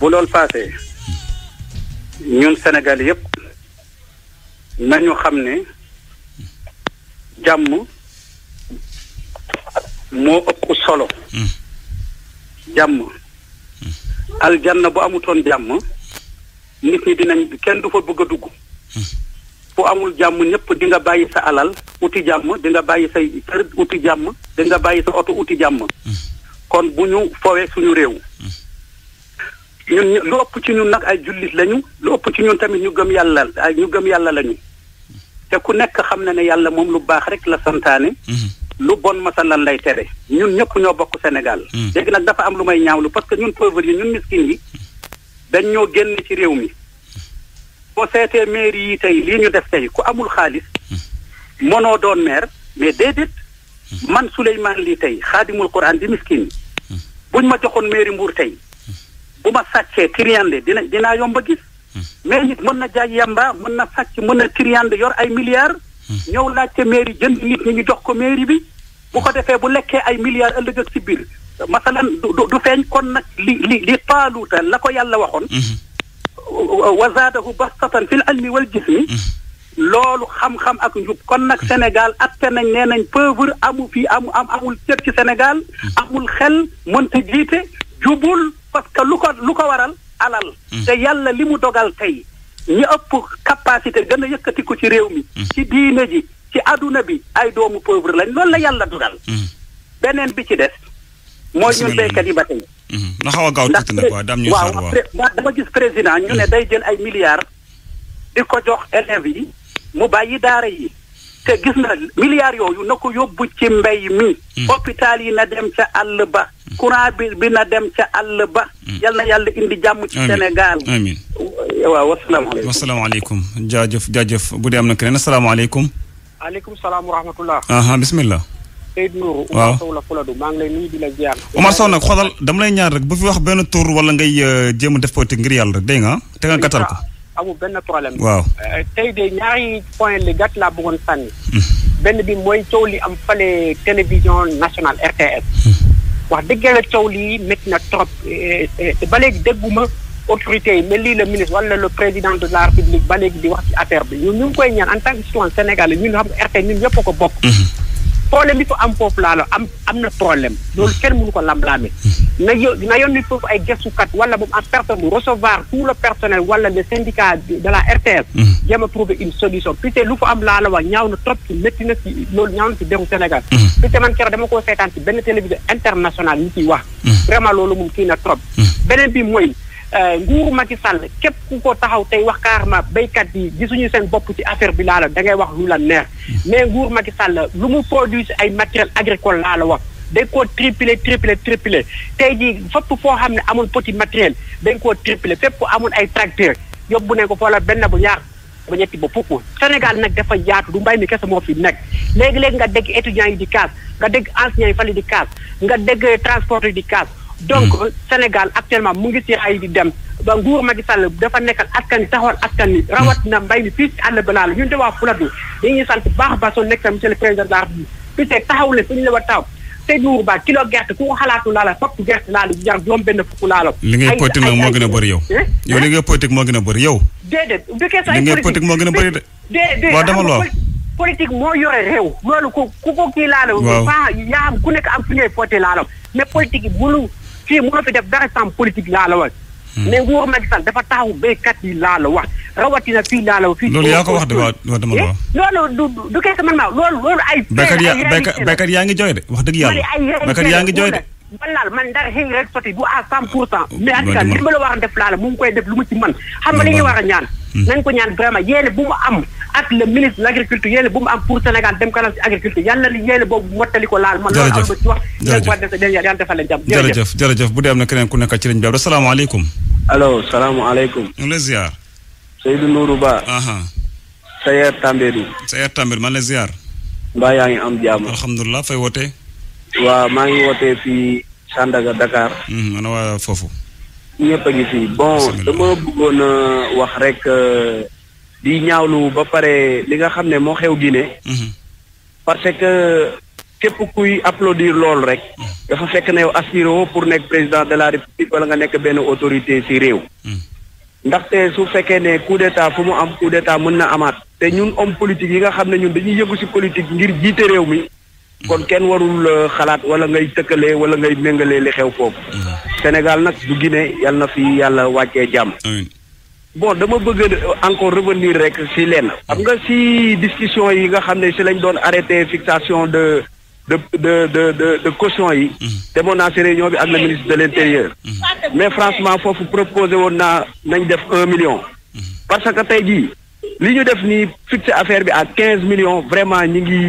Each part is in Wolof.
bu loolu paasee ñun Sénégal yëpp nañu xam ne jàmm moo ëpp solo hmm. jàmm aljanna bu amutoon jàmm nit ñi dinañ kenn du fa bëgg a dugg fu hmm. amul jàmm ñëpp di bàyyi sa alal uti jàmm di bàyyi say kër uti jàmm di nga bàyyi sa otu uti jàmm hmm. kon bu ñu fowee suñu réew ñun lu ëpp ci ñun nag ay jullit lañu lu ëpp ci ñun tamit ñu gëm yàlla ay ñu gëm yàlla lañu te ku nekk xam na ne yàlla moom lu baax rek la santaane. Mhm. lu bon masalan lay tere ñun ñëpp ñoo bokk Sénégal. Mhm. léegi nag dafa am lu may ñaawlu parce que ñun pauvres yi ñun miskin yi dañ ñoo génn ci réew mi boo seetee maire yi tey lii ñu def tey ku amul xaalis moo mhm. noo doon maire mais déedéet man Souleymane lii tey xaadimul Quran di miskin buñ ma joxoon mairie Mbour tey. bu ma sàccee triande dina dinaa yomb a gis hmm. mais mën na jaay yamba mën na sàcc mën na triande yor ay milliards hmm. ñëw laajte mairie jënd nit ñi jox ko mairie bi bu ko hmm. defee bu lekkee ay milliards ëllëg ak si biir masalan du feeñ kon nag li li li taaluuta la ko yàlla waxoon wa zaadahu bastatan fil mi wal jismi loolu xam-xam ak njub kon nag Sénégal atte nañ nee nañ pauvre amu fii amu am amul cër ci Sénégal amul xel mënta jiite jubul parce que lu ko lu ko waral alal. Hmm. te yàlla li mu dogal tey ñi ëpp capacité gën a yëkkatiku ci réew mi. Hmm. ci diine ji ci àdduna bi ay doomu pauvre lañ loolu la yàlla dogal. Hmm. beneen bi ci des. mooy ñun béykat yi ba tey. na xaw gaaw tuuti nag waaw dama gis président ñu ne day jël ay milliards. di ko jox élèves yi mu bàyyi daara yi te gis na milliards yooyu na ko yóbbu ci mbay mi. hôpital yi na dem ca àll ba courant bi bi na dem ca àll ba. Mm. yal yàlla indi jàmm ci Sénégal. amiin waaw wasalaamaaleykum. wasalaamaaleykum jaajëf jaajëf bu dee am na keneen asalaamaaleykum. aleykum salaam wa rahmatullah. bisimilah. maa ngi la ziar. Omar Sow nag xoolal dama lay ñaan rek bu fi wax benn tur wala ngay euh, jéem a def politique ngir yàlla rek dégg nga te nga gàttal ko. amul benn problème. waaw euh, de ñaari point li gàtt laa bëggoon sànni. Hmm. bi mooy coow li am fale télévision nationale RTS. Hmm. wax dëgg la coow lii métti na trop te eh, eh, ba léegi dégguma autorité yi mais lii la ministre wala le président de la république ba léegi di wax ci affaire bi ñu ngi koy ñaan en tant que citoyen sénégalais ñun xam nga RT ñun ñëpp ko bokk. Mhm. problème bi fa am foofu laa am am na problème loolu kenn mënu ko lamlaame na yo na yónni foofu ay gëstukat wala moom en personne bu recevoir tout le personnel wala le syndicat de la RTS hmm. jéem a trouver une solution puisque lu fa am laa la wax ñaaw na trop ci métti na ci loolu ñaaw na ci deru Sénégal hmm. puisque man keroog dama ko seetaan ci benn télévision internationale ñu si wax hmm. vraiment loolu moom kii na trop beneen bi mooy Euh, nguuru Macky Sall képp ku ko taxaw tey wax carrément béykat yi gisuñu seen bopp ci affaire bi laa la da ngay wax lu la neex mais nguuru Macky Sall lu mu produit ay matériel agricole laa la wax dañ koo triplé triplé triplé tey jii fépp foo xam ne amul petit matériel dañ koo triplé fépp amul ay tracteur yóbbu ne ko foo la benn bu ñaar ba ñetti ba fukk Sénégal nag dafa yaatu du mbay mi kese moo fi nekk léegi-léegi nga dégg étudiants yi di kaas nga dégg enseignants yi fali di kaas nga dégg transport yi di kaas donc hmm. Sénégal actuellement mu ngi ci ay di dem ba nguur Macky Sall dafa nekkal askan wi taxawal askan wi hmm. rawat na mbay mi fii àll balaa la ñun de waa Fouta bi dañuy baax baax soo nekk le président de taw Ba kilo gerte ku xalaatu laa la fokk gerte laa la jar la eh? li ngay politique moo gën a bëri yow yow li ngay politique moo a bëri yow déedéet bu moo gën a bëri de déedéet waaw dama lool politique ko kii laa la waaw yaa xam ku nekk am fi ngay foote laa la mais politique yi fii mënoo fi def dara sam politique laa wa wax. Hmm. mais nguur Macky Sall dafa taxaw béykat yi laalo la wax rawatina fii laa la wax. fii loolu yaa ko wax de waaw dama la wax. Eh, loolu du du kese man maa loolu loolu ay. béykat yaa béykat yaa ngi jooy de wax dëgg yàlla béykat yaa ngi jooy de. balaal man dara xëy rek sotti du à cent pour cent mais en tout cas ma la war a def laa la koy def lu mu ci mën xam nga li ñuy a ñaan hmm. nañ ko ñaan vraiment yéene bu mu am ak le ministre l' agriculture yéene bu mu am pour Sénégal dem kanam ci agriculture yàlla li yéene boobu mottali ko laal man loolu am ba ci wax yàlla defal bu dee am na keneen ku nekk ci liñ bi ab asalaamaaleykum allo salaamaaleykum ñu la ziar Seydou Nourou Ba aha Sayer Tambédou Sayer Tambédou man la ziar yaa ngi am jàmm alhamdulilah wootee waaw maa ngi wootee fii Sandaga Dakar. man hmm, waa foofu. ñëpp a ngi fii bon dama bëggoon a wax rek euh, di ñaawlu ba pare li nga xam ne moo xew Guinée. Hmm. parce que képp kuy applaudir lool rek. Hmm. dafa fekk ne yow aspiré pour nekk président de la république wala nga nekk benn autorité si réew. ndaxte su fekkee ne coup d'état fu mu am coup d'état mën na amaat. te ñun homme politique yi nga xam ne ñun dañuy yëngu ci politique ngir jiite réew mi. kon kenn warul euh, xalaat wala ngay tëkkalee wala ngay méngalee li xew foofu. Mm-hmm. Sénégal nag bu Guinée yal na fi yàlla wàccee jàmm. bon dama bëgg encore revenir rek si lenn. xam nga si discussion yi nga xam ne si lañ doon arrêté fixation de de de de de de caution yi. Mm-hmm. demoon naa si réunion bi ak le ministre de l' mm-hmm. mais franchement foofu proposé woon naa nañ def un million. parce que tey jii li ñu def nii fixé affaire bi ak quinze millions vraiment ñi ngi.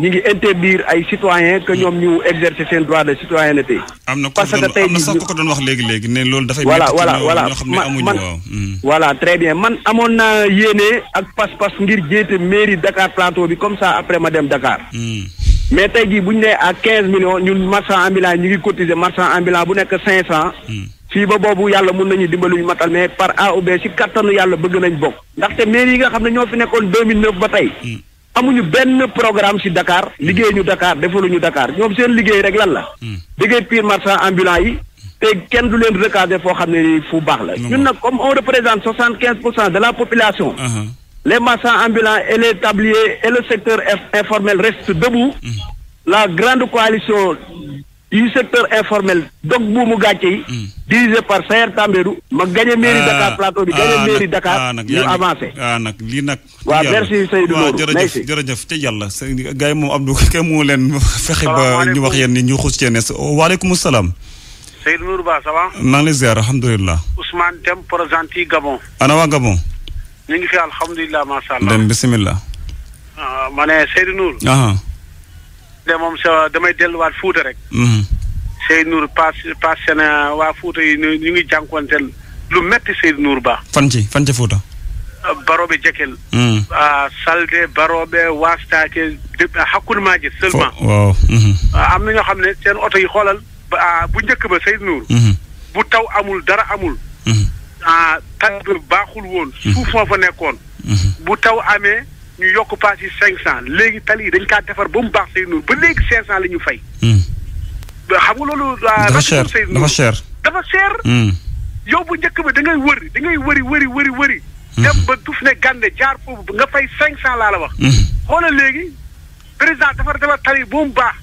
ñu ngi interdire ay citoyens que ñoom ñu exercer seen droit de citoyenneté. am que tey am na sax ko doon wax léegi léegi ne loolu dafay. voilà voilà voilà man hmm. très bien man amoon naa yéene ak pas-pas ngir jéete mairie Dakar plateau bi comme ça après ma dem Dakar. Hmm. mais tey jii bu ñu nee à quinze millions ñun marchand ambulant ñu ngi cotiser marchand ambulant bu nekk cinq cent. Hmm. fii ba boobu yàlla mun nañu dimbaluñu matal mais par A ou B si kattanu yàlla bëgg nañ bokk. ndaxte mairie yi nga xam ne ñoo fi ba tey. amuñu benn programme si Dakar liggéey ñu Dakar ñu Dakar ñoom seen liggéey rek lan la. Hmm. liggéey pire marchand ambulant yi. te kenn du leen recadré foo xam ne fu baax la. ñun na comme on représente soixante quinze pour cent de la population. Uh-huh. les marchands ambulants et les tabliers et le secteur informel restent debout. Hmm. la grande coalition du secteur informel dog buumu gàcce yi. Hmm. dirigé par Sayer Tambédou. ma gagné mairie ah, Dakar plateau bi gagné ah, mairie Dakar. Ah, ñu avancé ah nag lii nag. waaw merci Seydou Nourou merci jërëjëf te yàlla gars moom Abdou kenn mu leen fexe ñu wax yéen ñu xuus cee ne salaam. Seydou Nourou Ba ça va. maa ngi lay ziar alhamdulilah. Ousmane Gabon. ana ngi fi alhamdulilah macha allah. dem bisimilah. ma ne Seydou Nourou. de moom sa damay delluwaat Fuuta rek. Mm-hmm. Seydou Nour passé passé na waa Fuuta yi ñu ngi jànkuwanteel lu metti Seydou Nour Ba. fan ci fan ci Fuuta. Barobe Jekel. Mm. Salde Barobe Waastaake Hakkun Maaje seulement. waaw. Mm-hmm. am na ñoo xam ne seen oto yi xoolal bu njëkk ba Seydou Nour. Mm-hmm. bu taw amul dara amul. ah taw baaxul woon. suuf moo fa nekkoon. bu taw amee. ñu yokk paas yi cinq cent léegi tali yi dañ kaa defar ba mu baax Seydou Nour ba léegi cinq cent la ñu fay. Hmm. xam nga loolu. Ah, dafa cher dafa cher dafa hmm. cher. yow bu njëkk ba da ngay wëri da ngay wëri wëri wëri wëri. Hmm. dem ba duf ne gànde jaar foofu nga fay cinq cent laa la wax. xoolal léegi président dafa defar tali ba mu baax.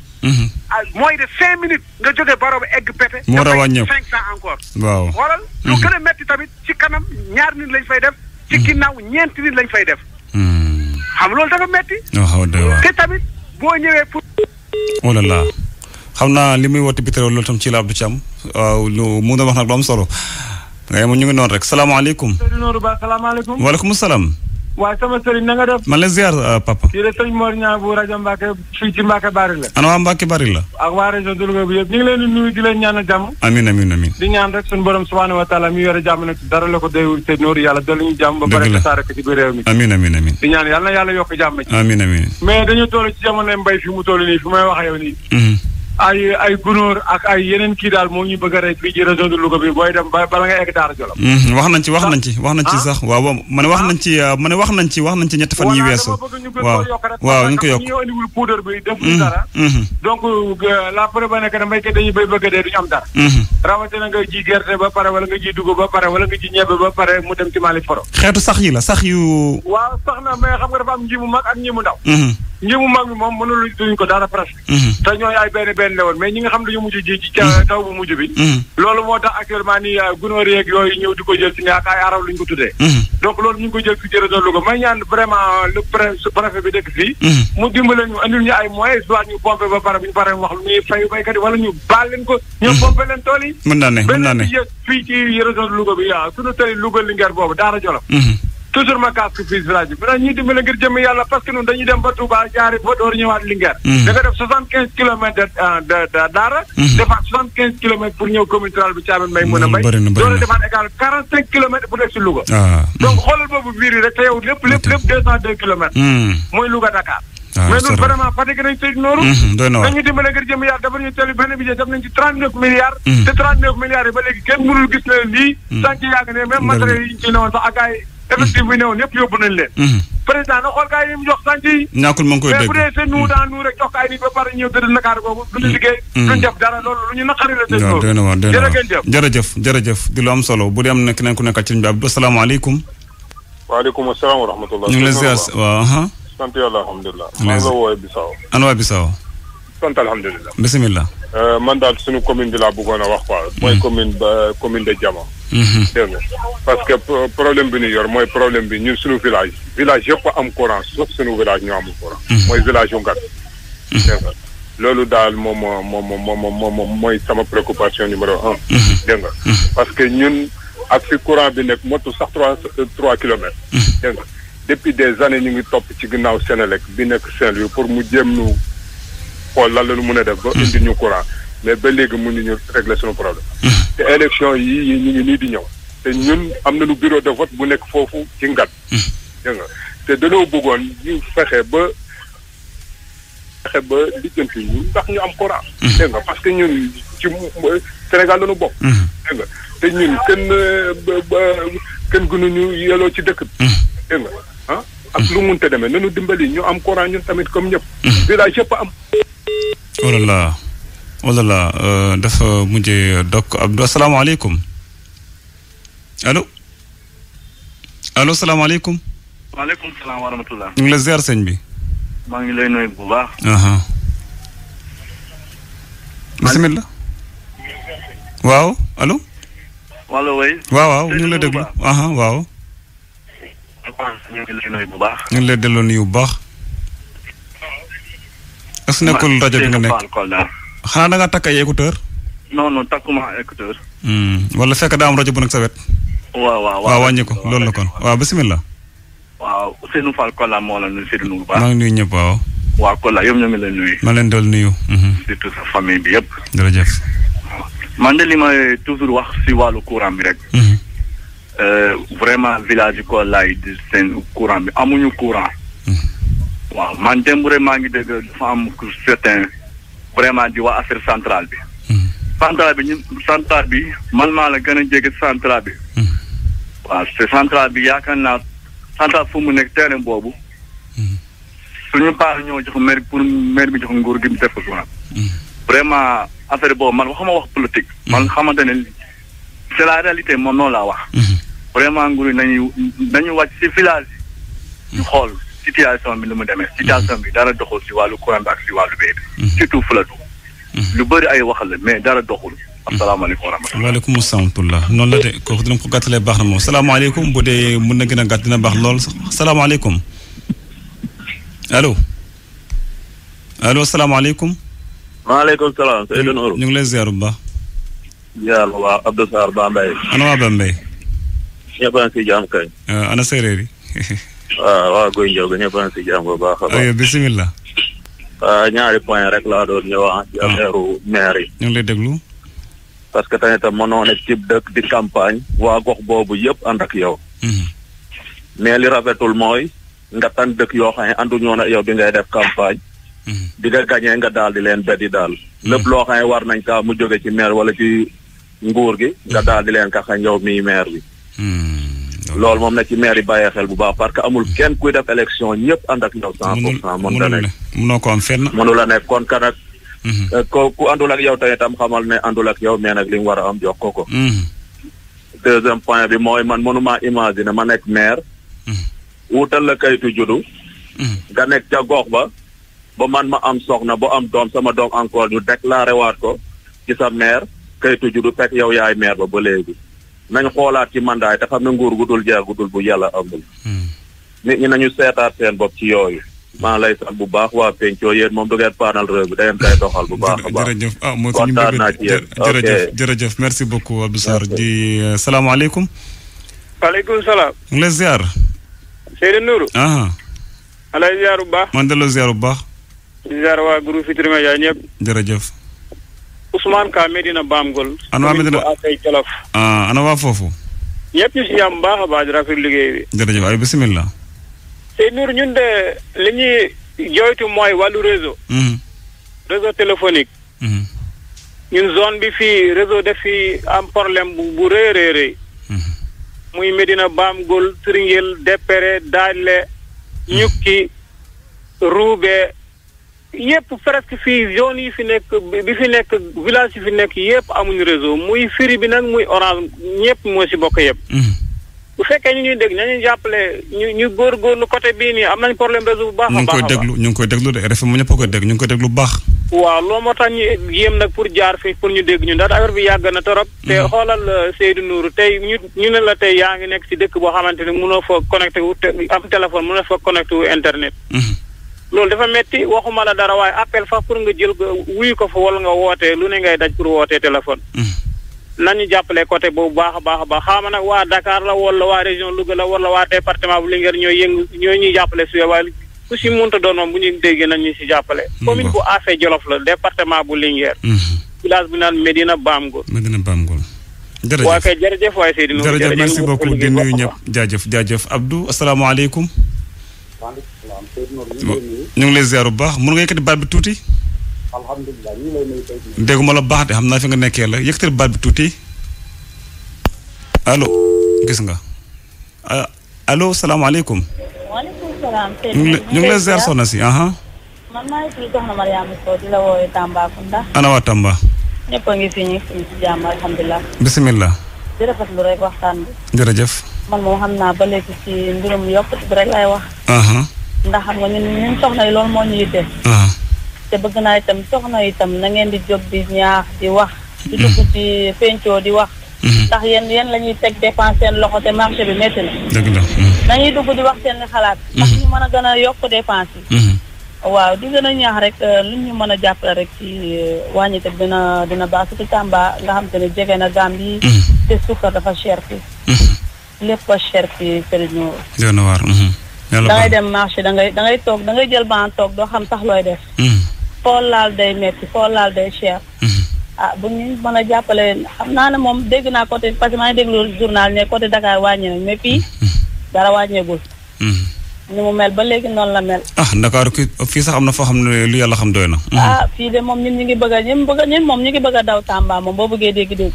Ah, mooy de cinq minutes nga jógee baro ba egg pete. moo da wàññeeku cinq cent encore. waaw xoolal. lu gën a métti tamit ci kanam ñaar nit lañ fay def. ci ginnaaw ñeent nit lañ fay def. xam loolu dafa metti oh, waaw te tamit boo ñëwee pour. wala oh la xam naa li muy woote pétrole loolu tam ci la Abdou Thiam waaw lu mu doon wax nag lu am solo. nga ñu ngi noonu rek salaamaaleykum. waaleykum salaam. waaw sama sëriñ na nga def. man euh, la papa. kii de sëñ Mor Niang bu rajo Mbacke fii ci Mbacke Bari la. ana waa Mbacke Bari la. ak waa région de Louga bi yëpp ñu ngi leen di di leen ñaanal jàmm. amiin amiin amiin. di ñaan rek suñu borom subhaanahu wa mi yore jàmm nag dara la ko doyul te nooru yàlla dolli ñu jàmm. ba pare tasaare ko ci mi. amiin amiin di ñaan yàlla na yàlla yokk jàmm ci. amiin amiin. mais dañu toll ci jamono mbay fi mu toll nii fi may wax yow nii. Mm-hmm. ay ay gunóor ak ay yeneen kii daal moo ñu bëgg rek rey fii ci région de Louga bi booy dem bala nga egg Daara Jolof. Hmm, wax ah. nañ ci wax nañ ci ah. wax nañ ci sax ah. waaw man wax nañ ci man wax nañ ci wax nañ ci ñetti fan yi weesu. waaw waaw ñu ko yokk ñu indiwul poudre bi def ñu hmm, dara. Hmm. donc euh, la preuve ba nekk mbéykat dañuy bay bëgg a am dara. rawatina nga ji gerte ba pare wala nga ji dugub ba pare wala nga ñebe ba pare mu dem ci Malick Foro. xeetu sax yi la sax yu. waaw sax na mais xam nga dafa am nji mu mag ak nji mu ndaw. njëmu mag mi moom mënul duñ ko dara presque. Mhm. te ñooy ay benn benn la woon mais ñi nga xam dañu mujj ji ci mhm. taw bu mujj bi. Mhm. loolu moo tax actuellement nii euh, gunóor yeeg yooyu ñëw di ko jël si ne ak ay araw luñ ko tuddee. donc loolu ñu ngi ko jël si jërëjëf Louga may ñaan vraiment euh, le préfet bi dëkk fii. mu dimbale ñu andil ñu ay moyens soit ñu pompé ba pare bu ñu wax lu ñuy fay baykat yi wala ñu leen ko. ñu pompé leen tool yi. mën naa ne mën naa ne benn fii ci jërëjëf Louga bi waaw suñu tey Louga Linguère boobu Daara Jolof toujours ma kaas ko fii village bi maanaam dem ba Touba jaari ba door ñëwaat Linguère mhm. da nga def soixante quinze kilomètres de euh, Daara mhm. defaat soixante quinze kilomètres pour ñëw commune bi Thiamène May mën a may mhm, doole defaat égal quarante cinq kilomètres pour def si Louga ah, xoolal boobu biir rek te yow lépp lépp lépp deux cent deux kilomètres mooy Louga Dakar ah, mais ñun vraiment fatigué nañ sëñ Nooru dañu dimbale ngir jëm yàlla dafa ñu teel benn budget def nañ trente neuf effectif bi néewoon yëpp yóbbu nañ leen. Hmm. président na xool gars yi mu jox sant yi. ñàkkul ma ngi koy dégg mais bu dee seen nuu daan rek jox ay nit ba pare hmm. Hmm. ñu naqari la. tey loolu waaw dëgg am solo bu dee am na ku nekk ci ligne bi Abdou salaamaaleykum. waaleykum salaam wa rahmatulah. ñu ngi lay ziar waaw. sant yàlla alhamdulilah. maa ngi la woowee Bissau. sant alhamdulilah. bisimilah. Euh, man daal suñu commune bi la bëggoon a wax mooy hmm. commune ba commune de Diama. Hmm. dégg parce que problème bi ñu yor mooy problème bi ñun suñu village. village yëpp am courant sauf suñu village ñu amul courant. Hmm. mooy village yu ngat. dégg nga loolu daal moom mooy sama préoccupation numéro un. dégg nga parce que ñun a fi courant bi nekk motu sa trois trois kilomètres. dégg des années ñu ngi top ci ginnaaw Sénélec bi nekk Saint-Louis pour mu jéem ñu. xool lan la ñu mën a def ba hmm. indi ñu courant mais ba léegi mënuñu régler suñu problème hmm. te élection yi ñu nii di ñëw te ñun am nañu bureau de vote bu nekk foofu ci ngat hmm. dégg nga te dañoo bëggoon ñu fexe ba fexe ba lijjanti ñu ndax ñu am courant dégg nga parce que ñun ci Sénégal lañu bokk dégg nga te ñun kenn kenn gënuñu yeloo ci dëkk bi dégg nga ah ak lu munte demee nañu dimbali ñu am courant ñun tamit comme ñëpp village yëpp am oh là là oh là là euh, dafa mujjee dokk Abdou asalaamaaleykum allo alo salaamaaleykum. waaleykum salaam wa rahmatulah. ñu ngi bi. maa ngi lay bu baax. bisimilah. waaw allo. waaw waaw ñu la déglu. waaw. ñu ngi lay bu baax. ñu ngi lay delloo nuyu bu baax. est-ce que nekkul rajo bi nga nekk ah. xanaa da takk ay écouteur non non takkuma écouteur hmm. wala fekk daa rajo bu nekk sa wet waaw waaw waaw wàññi ko loolu la kon waaw bisimilah waaw Ousseynou Fall Kolla moo la nuyu Seydou Nourou Ba nuyu ma leen dool nuyu hmm. surtout sa famille bi yëpp jërëjëf man de li ma toujours wax si wàllu courant bi rek hmm. euh, vraiment village yi yi di seen courant bi amuñu courant waaw man dem vraiment ngi dégg dafa am certain vraiment di waa affaire central bi. Hmm. centrale bi ñun centrale bi man maa la gën a jege centrale bi. Hmm. waaw te centrale bi yaakaar naa centrale fu mu nekk terrain boobu. Hmm. suñu paar ñoo jox maire pour maire bi jox nguur di mu def ko journal. vraiment affaire boobu man waxuma wax politique. man xamante ne c'est la réalité moom noonu laa wax. vraiment nguur yi nañu nañu wàcc ci village yi. ñu xool. situation bi nu mu demee. situation bi dara doxul si wàllu courant bi ak si wàllu mbéy bi. Mhm. surtout Fuladu. Mhm. lu bari ay wax la mais dara doxul. asalaamaaleykum wa rahmatulah. waaleykum salaam noonu la de kooku ko gàttalee baax na moom salaamaaleykum bu dee mën na gën a gàtt dina baax lool salaamaaleykum allo allo salaamaaleykum. maaleykum salaam. ñu ngi lay bu baax. ziar bu baax Abdou ana waa Bambey. ñëpp a ngi si jàmm waa waaw Guy Ndiaw ñëpp a ngi si jàmm baax a baax. Ah, ñaari point rek laa doon ñëw ah. ci ah. affaire maire yi. ñu lay déglu. parce que tamit mënoo ne cib dëkk di campagne waa gox boobu yëpp ànd ak yow. Mhm. mais li rafetul mooy nga tan dëkk yoo xam ne ànduñoo na yow bi ngay def campagne. Mhm. di nga gañee nga daal di leen beddi daal. Mhm. lépp loo xam war nañ kaa mu jóge ci maire wala ci nguur gi. nga daal di leen ka xañ yow mii maire bi. loolu moom na ci meer yi bàyyee xel bu baax parce que amul kenn kuy def élection ñëpp ànd ak ñoom. cent pour cent mënut nekk mënoo mënul a nekk kon kan ak. Mhm. Eh, ku àndul ak yow tamit am xamal ne àndul ak yow mais nag li mu war a am jox ko ko. Mhm. deuxième point bi mooy man mënuma imaginer ma nekk maire. Mhm. wutal la kayitu juddu. nga nekk ca gox ba. ba man ma am soxna ba am doom sama doom encore ñu déclaré waat ko ci sa maire kayitu juddu fekk yow yaay maire ba ba léegi. nañ xoolaat ci mandat yi te xam ne nguur gu dul jeex gu bu yàlla amul. nit ñi nañu seetaat seen bopp ci yooyu. maa lay sant bu baax waa Pencoo yéen moom du ngeen paanal réew bi doxal bu baax a baax. jërëjëf ah mooy suñu jërëjëf jërëjëf merci beaucoup Abdou Sarr di euh, salaamaaleykum. waaleykum salaam. mu ngi lay ziar. Seydou Nourou. ma ah. lay ziar bu baax. man de la bu baax. di ziar waa groupe Futurs Médias ñëpp. Ousmane Ka Medina Bamgol. an ah, ana waa foofu. ñëpp si yam baax a baax di rafetlu liggéey bi. jërëjëf ay bisimilah. Seydou Nour ñun de li ñuy jooytu mooy wàllu réseau. Mhm. réseau téléphonique. Mhm. ñun zone bi fi réseau def fi am problème bu bu rëy rëy rëy mhm. muy Medina Bamgol Siringel Depere Daale. ñukki Ruube yëpp presque fii yoon yi fi nekk bi fi nekk village yi fi nekk yëpp amuñu réseau muy Free bi nag muy Orange ñëpp moo si bokk yëpp. Hmm. bu fekkee ñu ñuy dégg jàppale ñu ñu góorgóorlu côté bii nii am nañ problème réseau bu baax a baax a baax. ñu ñu ngi koy déglu de RFM ñëpp a koy dégg ñu ngi koy bu baax. waaw loo moo tax ñu yéem nag pour jaar fii pour ñu dégg ñu ndax affaire bi yàgg na torop. Hmm. te xoolal euh, Seydou Nourou tey ñu ñu ne la tey yaa ngi nekk si dëkk boo xamante ni munoo fa connecté wu am téléphone mënoo fa connecté wu internet. Hmm. loolu dafa metti waxuma la dara waaye appel fa pour nga jël ko ko fa wala nga wootee lu ne ngay daj pour wootee téléphone hmm. nañu jàppale côté boobu baax a baax a baax xaama nag waa dakaar la wala waa région Louga la wala waa département bu Linguère ñooy yëngu ñooy ñuy jàppale suye waaye ku si mënta doon moom bu ñu déggee nañu si jàppale hmm, commune bu Affé Jolof la département bu Linguère hmm. village bu naan Medina Bamgol Medina Bamgol jërëjëf waa kay jërëjëf waay Seydou jërëjëf merci beaucoup di nuyu ñëpp jaajëf jaajëf Abdou asalaamaaleykum ñu ngi lay ziar bu baax mën nga yëkkati baat bi tuuti. alhamdulilah ñu ngi lay nuyu tey déggu ma la baax de xam naa fi nga nekkee la yëkkati baat bi tuuti allo gis nga ah, allo salaamaaleykum. waaleykum salaam. ñu ngi lay ziar soxna si. man maa ngi tudd soxna Mariama Sow di la woowee Tambacounda. ana waa Tamba. ñëpp a ngi fi ñu ngi si jàmm alhamdulilah. bisimilah. jërëjëf lu rek waxtaan bi. jërëjëf. man moom xam naa ba léegi ci mbirum yokkute bi rek lay wax. ndax xam nga ñun ñun soxna yi loolu moo ñu yitte. te bëgg naa itam soxna itam na ngeen di jóg di ñaax di wax. di dugg mhm. ci penco di wax. Mhm. ndax yéen yéen la teg dépense seen loxo te marché bi métti na. dëgg mhm. dugg di wax seen xalaat. ndax ñu mën a gën a yokk dépense yi. waaw di gën a ñaax rek euh, lu ñu mën a jàppale rek ci euh, wàññi te dina dina baax surtout Tamba nga xam te ne jege na Gambie. te suukar dafa cher fii. lépp a cher fii Serigne Noor. da ngay dem marché da toog dangay jël ban toog doo xam sax looy def. Mhm. foo laal day metti foo laal day cher. Mhm. ah bu ñu mën a jàppale xam naa ne moom dégg naa côté parce que maa ngi journal ne côté Dakar wàññi nañ mais fii mhm. dara wàññeegul. ni mu mel ba léegi noonu la mel. ah Dakar fii sax am na foo xam ne lu yàlla xam doy na. ah fii de moom ñun ñu ngi bëgg a ñun moom ñu ngi bëgg a daw Tamba moom boo bëggee dégg-dégg.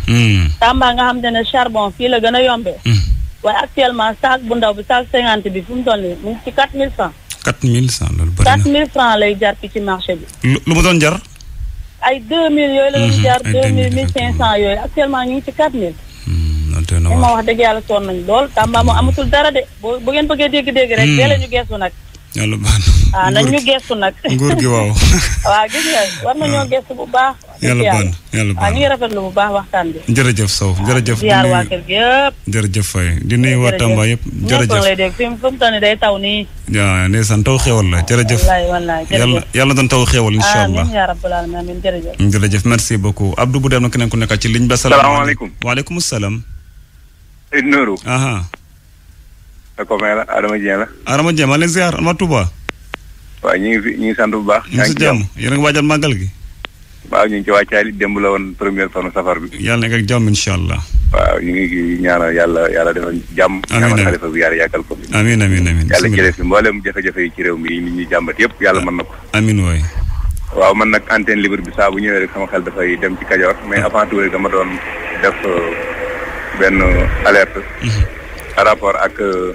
Tamba nga xam te fii la gën a waaye actuellement saag bu ndaw bi saag cinquante bi fu mu toll nii mu ngi ci quatre mille franc. quatre mille franc lay jar ci marché bi. lu ma doon jar. ay deux mille yooyu la doon mhm, jar deux mille mille cinq cent yooyu actuellement ñu ngi ci quatre mille. Hmm, ma wax dëgg yàlla sonn nañ lool Tamba moom amatul dara de bu ngeen bëggee dégg-dégg rek. Hmm. dee la ñu geesu nag. yàlla baax na. Ah, ñu gëstu nag. nguur gi waaw. waaw gis war nañoo ah. gëstu bu baax. yàlla baax na yàlla ah, waxtaan bi. jërëjëf Sow jërëjëf. ziar waa kër di nuyu waa Tamba jërëjëf ñëpp lay dégg fi mu toll nii day taw nii. waaw taw xéwal la jërëjëf. wallaay wallaay yàlla yàlla taw xéwal incha allah. amiin yaa rabbal aalamiin amiin jërëjëf. jërëjëf merci beaucoup Abdou bu dem na keneen ku nekk ci ligne ba. salaamaaleykum waaleykum salaam. Nourou. copain la Adama Dieng la. Adama Dieng maa leen ziar waaw ñu ngi fi ñu ngi sant bu baax. ñu ngi si jàmm yéen a ngi waajal waaw ñu ngi ci wàccaay li démb la première fanu safar bi. yàlla nekk ak jàmm incha allah. waaw ñu ngi ñaanal yàlla yàlla defal jàmm. ñaanal xalifa bi yàlla yàggal ko fi. amiin amiin amiin yàlla jëlee fi mboolem jafe-jafe yi ci réew mi nit ñi jàmbat yëpp yàlla mën na ko. amiin waay. waaw man nag antenne libre bi saa bu ñëwee rek sama xel dafay dem ci Kajoor mais ah. avant tout dama doon def euh, benn alerte. Mhm. par rapport ak euh,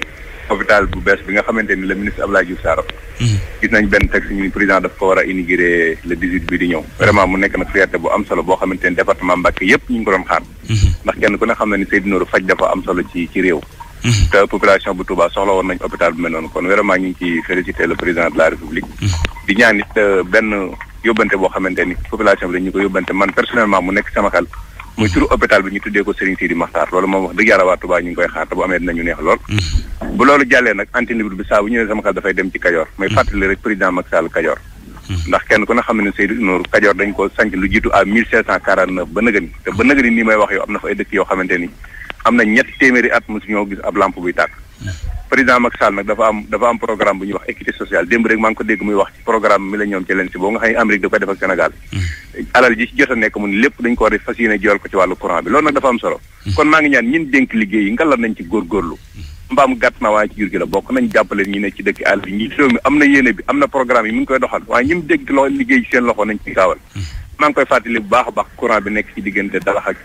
hôpital bu bees bi nga xamante ni le ministre Abdoulaye Diouf Sarr hmm. gis nañ benn texte ñu ni président daf ko war a inaugurer le 18 bi di ñëw hmm. vraiment mu nekk nag fierté bu am solo boo xamante ni département Mbacké yëpp ñu ngi ko doon xaar hmm. ndax kenn ku ne xam na ni Seydou Nourou faj dafa am solo ci ci réew te population bu Touba soxla woon nañu hôpital bu mel noonu kon vraiment ñu ngi ci féliciter le président de la République di ñaan euh, benn yóbbante boo xamante ni population bi dañu ko yóbbante man personnellement mu nekk sama xel muy turu hôpital bi ñu tuddee ko Serigne Sidi Maxtaar loolu moom wax dëgg yàlla waa Touba ñu ngi koy xaar te bu amee dinañu neex lool mm-hmm. bu loolu jàllee nag antinibre bi saa bu ñëwee sama xel dafay dem ci Kajoor may mm-hmm. fàttali rek président Macky Sall Kajoor mm-hmm. ndax kenn ku ne xam ne Seydou Nour Kajoor dañ ko sanc lu jiitu à mille cinq cent quarante neuf ba nëgëni te ba nëgëni nii may wax yow am na fa ay dëkk yoo xamante ni am na ñett téeméeri at mosu ñoo gis ab lampe tàkk président Macky Sall nag dafa am dafa am programme bu ñu wax équité sociale démb rek maa ngi ko dégg muy wax ci programme mi la ñoom ci leen si boo nga xam ne koy def ak Sénégal mm. alal ji ci jot a nekk mu ne lépp dañ ko war a fas yéene joyal ko ci mm. nañ ci góorgóorlu mm. mbaam gàtt na waaye ci jur gi la ngi koy doxal waaye ñun dégg loo liggéey seen loxo nañ ci gaawal maa ngi koy bu baax a baax courant bi nekk ci diggante dalax ak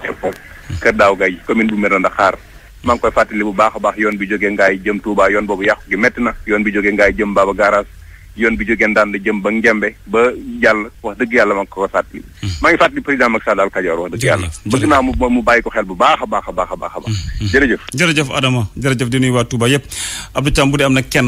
Kër Daaw Gaye commune bu Mérina Dakhar maa ngi koy fàttali bu baax a baax yoon bi jógee ngaay jëm Touba yoon boobu yàqu gi métti na yoon bi jógee ngaay jëm Baba Garage yoon bi jógee Ndande jëm ba Njembe ba jàll wax dëgg yàlla maa ngi ko fàttali hmm. maa ngi fàttali président Macky Sall daal Kajoor wax dëgg yàlla bëgg naa mu mu bàyyi ko xel bu baax a baax a baax a a baax hmm, hmm. jërëjëf jërëjëf Adama jërëjëf di nuyu waa Touba yëpp Abdou Thiam bu am na kenn